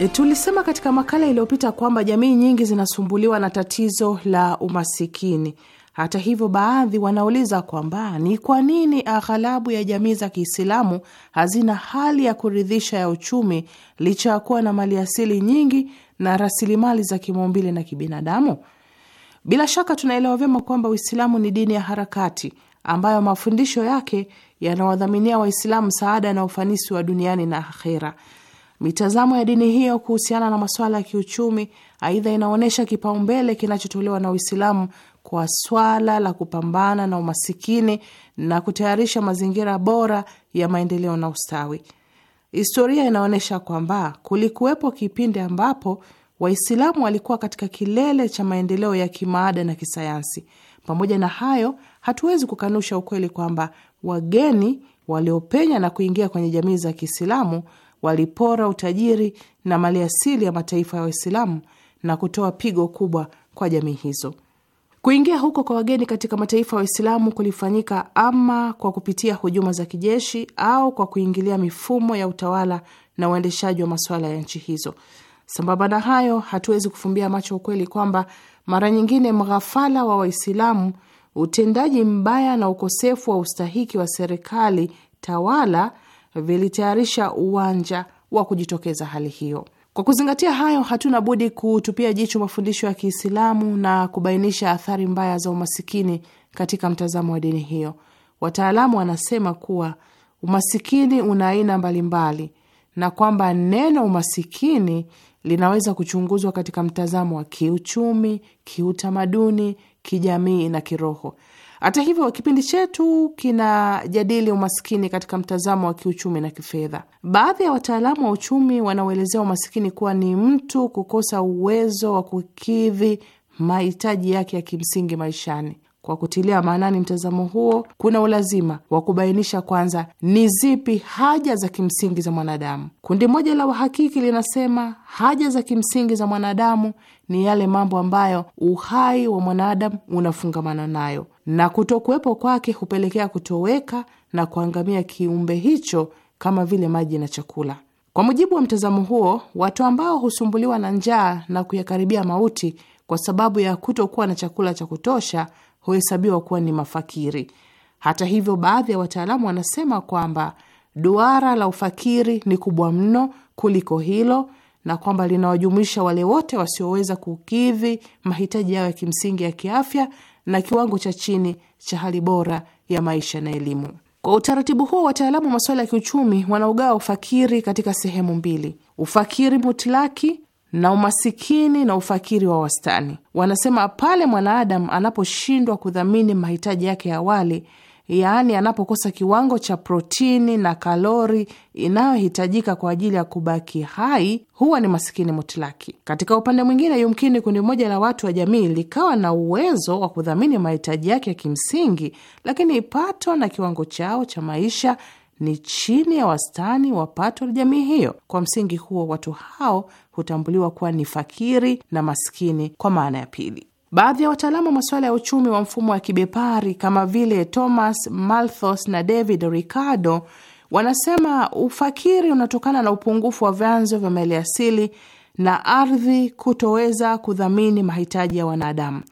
E, tulisema katika makala iliyopita kwamba jamii nyingi zinasumbuliwa na tatizo la umasikini. Hata hivyo, baadhi wanauliza kwamba ni kwa nini aghalabu ya jamii za Kiislamu hazina hali ya kuridhisha ya uchumi licha ya kuwa na maliasili nyingi na rasilimali za kimaumbile na kibinadamu? Bila shaka tunaelewa vyema kwamba Uislamu ni dini ya harakati ambayo mafundisho yake yanawadhaminia Waislamu saada na ufanisi wa duniani na akhera. Mitazamo ya dini hiyo kuhusiana na masuala ya kiuchumi, aidha, inaonyesha kipaumbele kinachotolewa na Uislamu kwa swala la kupambana na umasikini na kutayarisha mazingira bora ya maendeleo na ustawi. Historia inaonyesha kwamba kulikuwepo kipindi ambapo Waislamu walikuwa katika kilele cha maendeleo ya kimaada na kisayansi. Pamoja na hayo, hatuwezi kukanusha ukweli kwamba wageni waliopenya na kuingia kwenye jamii za Kiislamu walipora utajiri na maliasili ya mataifa ya Waislamu na kutoa pigo kubwa kwa jamii hizo. Kuingia huko kwa wageni katika mataifa ya Waislamu kulifanyika ama kwa kupitia hujuma za kijeshi au kwa kuingilia mifumo ya utawala na uendeshaji wa masuala ya nchi hizo. Sambamba na hayo, hatuwezi kufumbia macho ukweli kwamba mara nyingine mghafala wa Waislamu, utendaji mbaya na ukosefu wa ustahiki wa serikali tawala vilitayarisha uwanja wa kujitokeza hali hiyo. Kwa kuzingatia hayo, hatuna budi kutupia jicho mafundisho ya Kiislamu na kubainisha athari mbaya za umasikini katika mtazamo wa dini hiyo. Wataalamu wanasema kuwa umasikini una aina mbalimbali na kwamba neno umasikini linaweza kuchunguzwa katika mtazamo wa kiuchumi, kiutamaduni, kijamii na kiroho. Hata hivyo, kipindi chetu kinajadili umaskini katika mtazamo wa kiuchumi na kifedha. Baadhi ya wataalamu wa uchumi wanaoelezea umaskini kuwa ni mtu kukosa uwezo wa kukidhi mahitaji yake ya kimsingi maishani. Kwa kutilia maanani mtazamo huo, kuna ulazima wa kubainisha kwanza ni zipi haja za kimsingi za mwanadamu. Kundi moja la uhakiki linasema haja za kimsingi za mwanadamu ni yale mambo ambayo uhai wa mwanadamu unafungamana nayo, na kutokuwepo kwake hupelekea kutoweka na kuangamia kiumbe hicho, kama vile maji na chakula. Kwa mujibu wa mtazamo huo, watu ambao husumbuliwa na njaa na kuyakaribia mauti kwa sababu ya kutokuwa na chakula cha kutosha huhesabiwa kuwa ni mafakiri. Hata hivyo, baadhi ya wataalamu wanasema kwamba duara la ufakiri ni kubwa mno kuliko hilo na kwamba linawajumuisha wale wote wasioweza kukidhi mahitaji yao ya kimsingi ya kiafya na kiwango cha chini cha hali bora ya maisha na elimu. Kwa utaratibu huo, wataalamu wa masuala ya kiuchumi wanaugawa ufakiri katika sehemu mbili: ufakiri mutlaki na umasikini na ufakiri wa wastani. Wanasema pale mwanaadamu anaposhindwa kudhamini mahitaji yake ya awali, yaani anapokosa kiwango cha protini na kalori inayohitajika kwa ajili ya kubaki hai, huwa ni masikini mutlaki. Katika upande mwingine, yumkini kundi moja la watu wa jamii likawa na uwezo wa kudhamini mahitaji yake ya kimsingi, lakini pato na kiwango chao cha maisha ni chini ya wastani wa pato la jamii hiyo. Kwa msingi huo, watu hao hutambuliwa kuwa ni fakiri na maskini kwa maana ya pili. Baadhi ya wataalamu wa masuala ya uchumi wa mfumo wa kibepari kama vile Thomas Malthus na David Ricardo wanasema ufakiri unatokana na upungufu wa vyanzo vya mali asili na ardhi kutoweza kudhamini mahitaji ya wanadamu.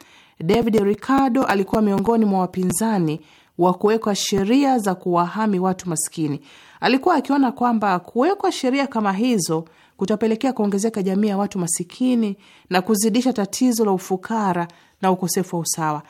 David Ricardo alikuwa miongoni mwa wapinzani wa kuwekwa sheria za kuwahami watu maskini. Alikuwa akiona kwamba kuwekwa sheria kama hizo kutapelekea kuongezeka jamii ya watu masikini na kuzidisha tatizo la ufukara na ukosefu wa usawa.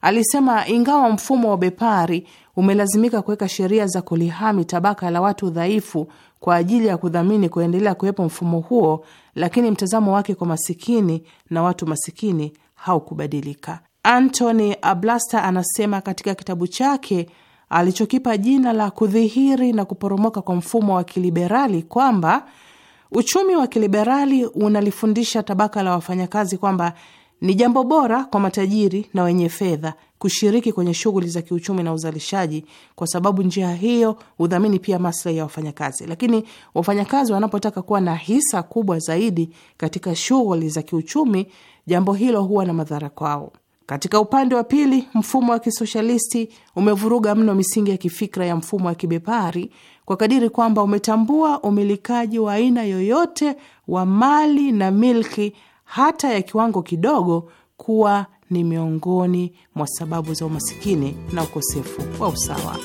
Alisema ingawa mfumo wa bepari umelazimika kuweka sheria za kulihami tabaka la watu dhaifu kwa ajili ya kudhamini kuendelea kuwepo mfumo huo, lakini mtazamo wake kwa masikini na watu masikini haukubadilika. Anthony Ablasta anasema katika kitabu chake alichokipa jina la kudhihiri na kuporomoka kwa mfumo wa kiliberali kwamba Uchumi wa kiliberali unalifundisha tabaka la wafanyakazi kwamba ni jambo bora kwa matajiri na wenye fedha kushiriki kwenye shughuli za kiuchumi na uzalishaji, kwa sababu njia hiyo hudhamini pia maslahi ya wafanyakazi. Lakini wafanyakazi wanapotaka kuwa na hisa kubwa zaidi katika shughuli za kiuchumi, jambo hilo huwa na madhara kwao. Katika upande wa pili, mfumo wa kisoshalisti umevuruga mno misingi ya kifikra ya mfumo wa kibepari kwa kadiri kwamba umetambua umilikaji wa aina yoyote wa mali na milki hata ya kiwango kidogo kuwa ni miongoni mwa sababu za umasikini na ukosefu wa usawa.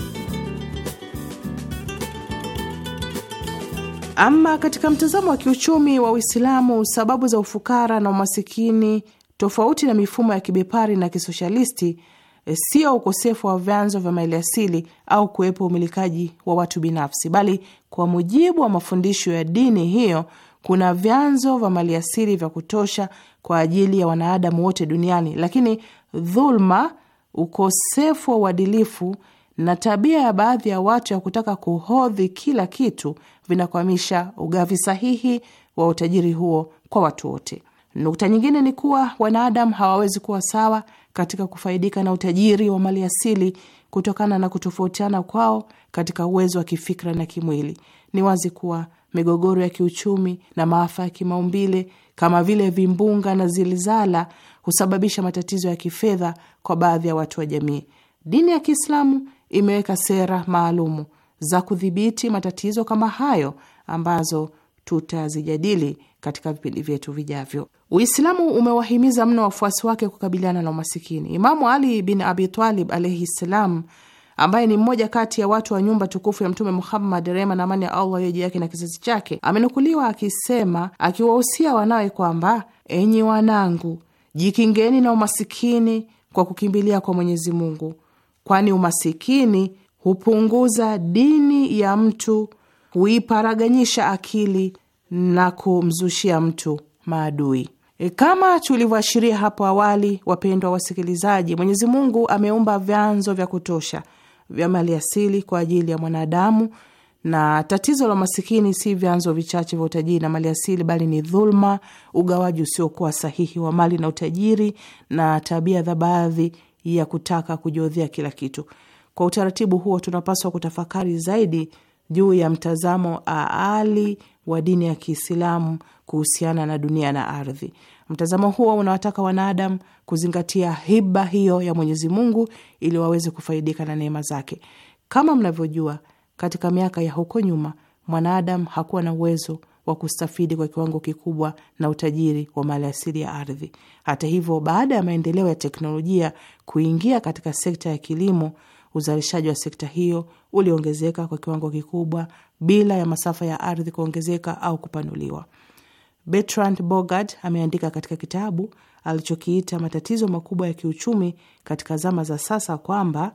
Ama katika mtazamo wa kiuchumi wa Uislamu, sababu za ufukara na umasikini, tofauti na mifumo ya kibepari na kisoshalisti, Eh, sio ukosefu wa vyanzo vya maliasili au kuwepo umilikaji wa watu binafsi, bali kwa mujibu wa mafundisho ya dini hiyo kuna vyanzo vya maliasili vya kutosha kwa ajili ya wanadamu wote duniani, lakini dhulma, ukosefu wa uadilifu na tabia ya baadhi ya watu ya kutaka kuhodhi kila kitu vinakwamisha ugavi sahihi wa utajiri huo kwa watu wote. Nukta nyingine ni kuwa wanadamu hawawezi kuwa sawa katika kufaidika na utajiri wa mali asili kutokana na kutofautiana kwao katika uwezo wa kifikra na kimwili. Ni wazi kuwa migogoro ya kiuchumi na maafa ya kimaumbile kama vile vimbunga na zilizala husababisha matatizo ya kifedha kwa baadhi ya watu wa jamii. Dini ya Kiislamu imeweka sera maalumu za kudhibiti matatizo kama hayo ambazo tutazijadili katika vipindi vyetu vijavyo. Uislamu umewahimiza mno wafuasi wake kukabiliana na umasikini. Imamu Ali bin Abi Talib alaihi ssalam, ambaye ni mmoja kati ya watu wa nyumba tukufu ya Mtume Muhammad, rehma na amani ya Allah iwe juu yake na kizazi chake, amenukuliwa akisema, akiwahusia wanawe kwamba, enyi wanangu, jikingeni na umasikini kwa kukimbilia kwa Mwenyezi Mungu, kwani umasikini hupunguza dini ya mtu, huiparaganyisha akili na kumzushia mtu maadui. E, kama tulivyoashiria hapo awali, wapendwa wasikilizaji, Mwenyezi Mungu ameumba vyanzo vya kutosha vya maliasili kwa ajili ya mwanadamu, na tatizo la masikini si vyanzo vichache vya utajiri na maliasili, bali ni dhulma, ugawaji usiokuwa sahihi wa mali na utajiri, na tabia za baadhi ya kutaka kujiodhea kila kitu. Kwa utaratibu huo, tunapaswa kutafakari zaidi juu ya mtazamo aali wa dini ya Kiislamu kuhusiana na dunia na ardhi. Mtazamo huo unawataka wanadamu kuzingatia hiba hiyo ya Mwenyezi Mungu ili waweze kufaidika na neema zake. Kama mnavyojua, katika miaka ya huko nyuma mwanadamu hakuwa na uwezo wa kustafidi kwa kiwango kikubwa na utajiri wa maliasili ya ardhi. Hata hivyo, baada ya maendeleo ya teknolojia kuingia katika sekta ya kilimo, uzalishaji wa sekta hiyo uliongezeka kwa kiwango kikubwa bila ya masafa ya ardhi kuongezeka au kupanuliwa. Bertrand Bogard ameandika katika kitabu alichokiita matatizo makubwa ya kiuchumi katika zama za sasa kwamba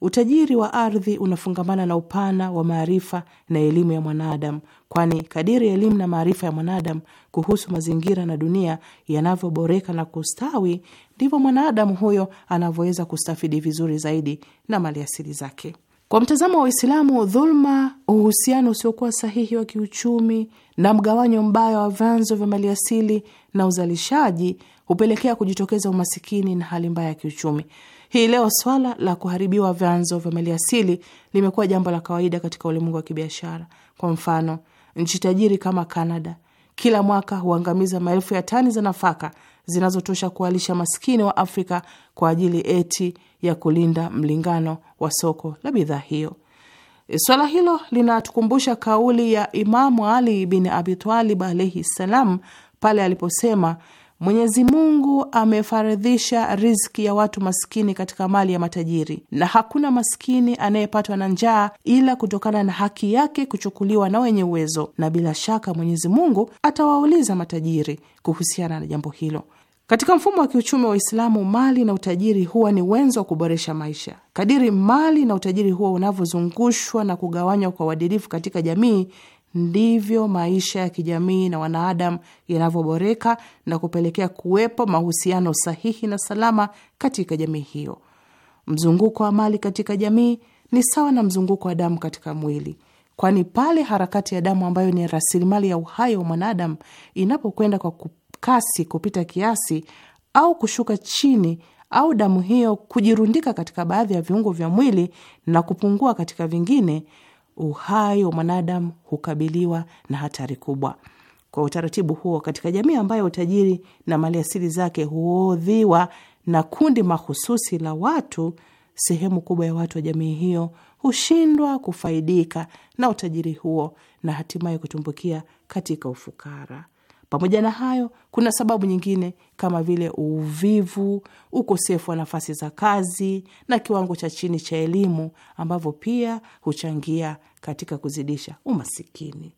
utajiri wa ardhi unafungamana na upana wa maarifa na elimu ya mwanadamu, kwani kadiri elimu na maarifa ya mwanadamu kuhusu mazingira na dunia yanavyoboreka na kustawi, ndivyo mwanadamu huyo anavyoweza kustafidi vizuri zaidi na maliasili zake. Kwa mtazamo wa Uislamu, dhuluma, uhusiano usiokuwa sahihi wa kiuchumi na mgawanyo mbaya wa vyanzo vya maliasili na uzalishaji hupelekea kujitokeza umasikini na hali mbaya ya kiuchumi. Hii leo swala la kuharibiwa vyanzo vya maliasili limekuwa jambo la kawaida katika ulimwengu wa kibiashara. Kwa mfano, nchi tajiri kama canada kila mwaka huangamiza maelfu ya tani za nafaka zinazotosha kuwalisha maskini wa Afrika kwa ajili eti ya kulinda mlingano wa soko la bidhaa hiyo. E, swala hilo linatukumbusha kauli ya Imamu Ali bin Abitalib alaihi ssalam pale aliposema, Mwenyezi Mungu amefaridhisha riziki ya watu maskini katika mali ya matajiri, na hakuna maskini anayepatwa na njaa ila kutokana na haki yake kuchukuliwa na wenye uwezo, na bila shaka Mwenyezi Mungu atawauliza matajiri kuhusiana na jambo hilo. Katika mfumo wa kiuchumi wa Uislamu, mali na utajiri huwa ni wenzo wa kuboresha maisha. Kadiri mali na utajiri huo unavyozungushwa na kugawanywa kwa uadilifu katika jamii, ndivyo maisha ya kijamii na wanadamu yanavyoboreka na kupelekea kuwepo mahusiano sahihi na salama katika jamii hiyo. Mzunguko wa mali katika jamii ni sawa na mzunguko wa damu katika mwili, kwani pale harakati ya damu ambayo ni rasilimali ya uhai wa mwanadamu inapokwenda kwa ku kasi kupita kiasi au kushuka chini au damu hiyo kujirundika katika baadhi ya viungo vya mwili na kupungua katika vingine, uhai wa mwanadamu hukabiliwa na hatari kubwa. Kwa utaratibu huo, katika jamii ambayo utajiri na maliasili zake huodhiwa na kundi mahususi la watu, sehemu kubwa ya watu wa jamii hiyo hushindwa kufaidika na utajiri huo na hatimaye kutumbukia katika ufukara. Pamoja na hayo, kuna sababu nyingine kama vile uvivu, ukosefu wa nafasi za kazi na kiwango cha chini cha elimu ambavyo pia huchangia katika kuzidisha umasikini.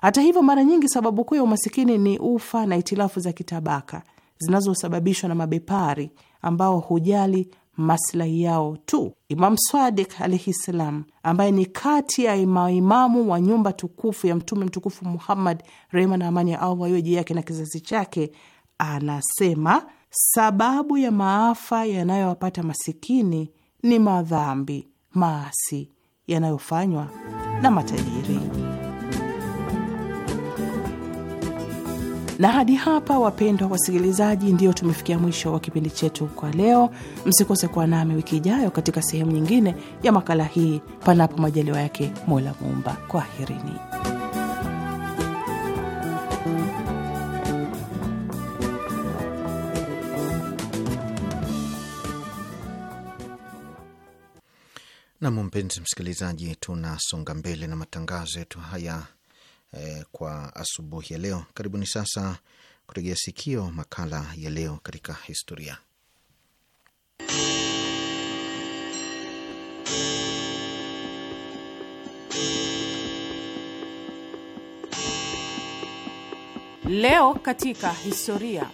Hata hivyo, mara nyingi sababu kuu ya umasikini ni ufa na itilafu za kitabaka zinazosababishwa na mabepari ambao hujali maslahi yao tu. imam Swadik alaihi ssalam, ambaye ni kati ya maimamu wa nyumba tukufu ya Mtume mtukufu Muhammad, rehma na amani ya Allah iwe juu yake na kizazi chake, anasema sababu ya maafa yanayowapata masikini ni madhambi maasi yanayofanywa na matajiri. Na hadi hapa, wapendwa wasikilizaji, ndio tumefikia mwisho wa kipindi chetu kwa leo. Msikose kuwa nami wiki ijayo katika sehemu nyingine ya makala hii, panapo majaliwa yake Mola Muumba. Kwaherini. Nam, mpenzi msikilizaji, tunasonga mbele na matangazo yetu haya eh, kwa asubuhi ya leo. Karibuni sasa kutegea sikio makala ya leo katika historia. Leo katika historia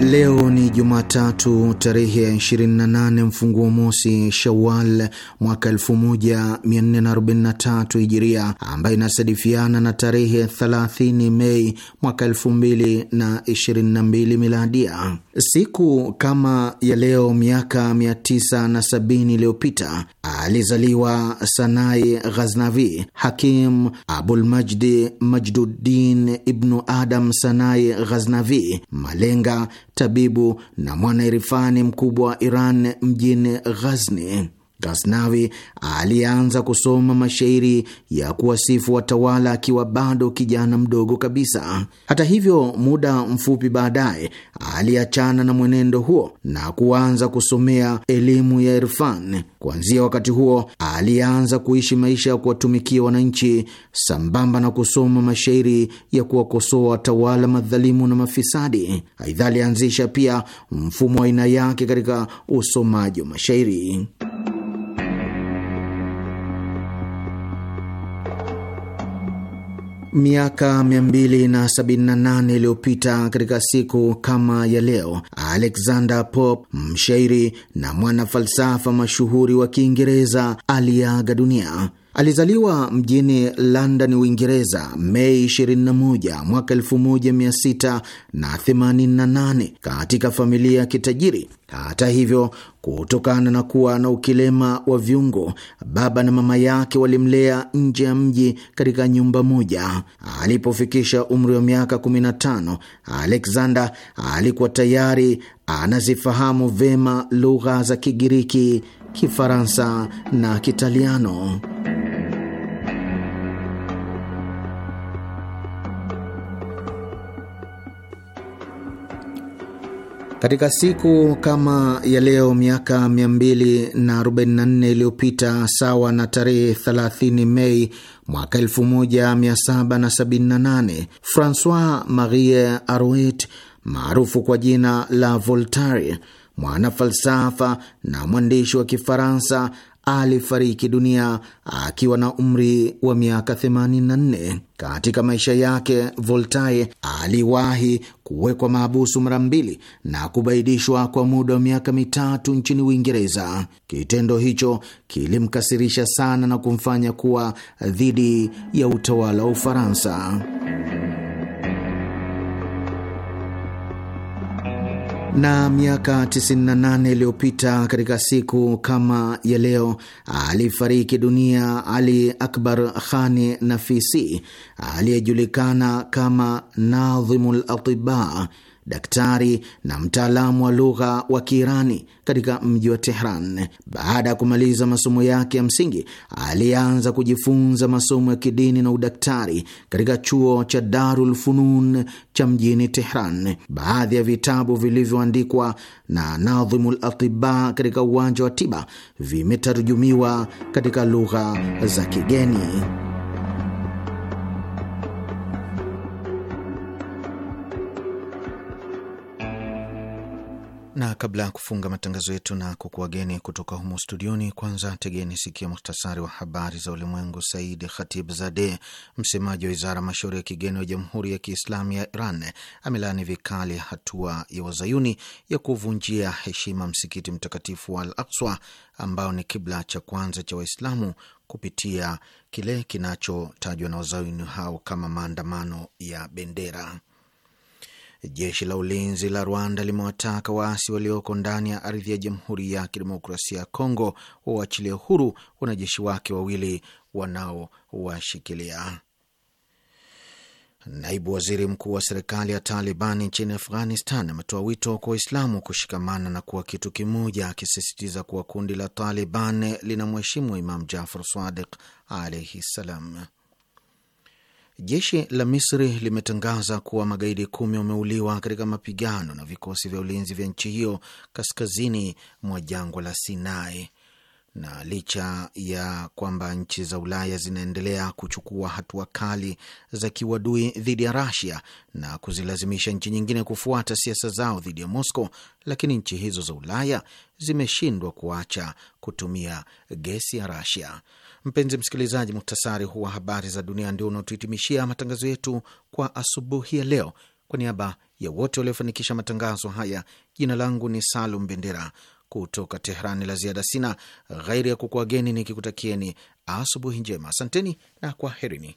Leo ni Jumatatu tarehe ya 28 mfunguo mosi Shawal mwaka 1443 Hijiria, ambayo inasadifiana na tarehe 30 Mei mwaka 2022 Miladia. Siku kama ya leo miaka 970 iliyopita alizaliwa Sanai Ghaznavi, Hakim Abulmajdi Majduddin Ibnu Adam Sanai Ghaznavi, malenga tabibu na mwanairifani mkubwa wa Iran mjini Ghazni. Ghaznawi alianza kusoma mashairi ya kuwasifu watawala akiwa bado kijana mdogo kabisa. Hata hivyo, muda mfupi baadaye aliachana na mwenendo huo na kuanza kusomea elimu ya irfan. Kuanzia wakati huo alianza kuishi maisha ya kuwatumikia wananchi sambamba na kusoma mashairi ya kuwakosoa watawala madhalimu na mafisadi. Aidha, alianzisha pia mfumo wa aina yake katika usomaji wa mashairi. miaka 278 iliyopita katika siku kama ya leo, Alexander Pope, mshairi na mwanafalsafa mashuhuri wa Kiingereza, aliaga dunia. Alizaliwa mjini London, Uingereza, Mei 21 mwaka 1688 katika familia ya kitajiri. Hata hivyo, kutokana na kuwa na ukilema wa viungo, baba na mama yake walimlea nje ya mji katika nyumba moja. Alipofikisha umri wa miaka 15, Alexander alikuwa tayari anazifahamu vema lugha za Kigiriki, Kifaransa na Kitaliano. Katika siku kama ya leo miaka 244 iliyopita, sawa na tarehe 30 Mei mwaka 1778, Francois Marie Arouet maarufu kwa jina la Voltaire, mwana falsafa na mwandishi wa Kifaransa alifariki dunia akiwa na umri wa miaka 84. Katika maisha yake, Voltaire aliwahi kuwekwa mahabusu mara mbili na kubaidishwa kwa muda wa miaka mitatu nchini Uingereza. Kitendo hicho kilimkasirisha sana na kumfanya kuwa dhidi ya utawala wa Ufaransa. Na miaka 98 iliyopita katika siku kama ya leo alifariki dunia Ali Akbar Khani Nafisi aliyejulikana kama Nadhimul Atiba daktari na mtaalamu wa lugha wa Kiirani katika mji wa Tehran. Baada ya kumaliza masomo yake ya msingi, alianza kujifunza masomo ya kidini na udaktari katika chuo cha Darul Funun cha mjini Tehran. Baadhi ya vitabu vilivyoandikwa na Nadhimul Atiba katika uwanja wa tiba vimetarujumiwa katika lugha za kigeni. na kabla ya kufunga matangazo yetu na kukuwageni kutoka humo studioni, kwanza tegeni sikia muhtasari wa habari za ulimwengu. Said zade msemaji wa wizara ya mashauri ya kigeni wa Jamhuri ya Kiislamu ya Iran, amelaani vikali hatua ya wazayuni ya kuvunjia heshima msikiti mtakatifu wa Al Akswa ambao ni kibla cha kwanza cha Waislamu kupitia kile kinachotajwa na wazayuni hao kama maandamano ya bendera. Jeshi la ulinzi la Rwanda limewataka waasi walioko ndani ya ardhi ya Jamhuri ya Kidemokrasia ya Kongo waachilie huru wanajeshi wake wawili wanaowashikilia. Naibu waziri mkuu wa serikali ya Talibani nchini Afghanistan ametoa wito kwa Waislamu kushikamana na kuwa kitu kimoja, akisisitiza kuwa kundi la Taliban linamheshimu Imam Jafar Sadiq alaihi ssalam. Jeshi la Misri limetangaza kuwa magaidi kumi wameuliwa katika mapigano na vikosi vya ulinzi vya nchi hiyo kaskazini mwa jangwa la Sinai. Na licha ya kwamba nchi za Ulaya zinaendelea kuchukua hatua kali za kiuadui dhidi ya Rasia na kuzilazimisha nchi nyingine kufuata siasa zao dhidi ya Moscow, lakini nchi hizo za Ulaya zimeshindwa kuacha kutumia gesi ya Rasia. Mpenzi msikilizaji, muktasari huu wa habari za dunia ndio unaotuhitimishia matangazo yetu kwa asubuhi ya leo. Kwa niaba ya wote waliofanikisha matangazo haya, jina langu ni Salum Bendera kutoka Teherani. La ziada sina, ghairi ya kukuageni nikikutakieni asubuhi njema. Asanteni na kwaherini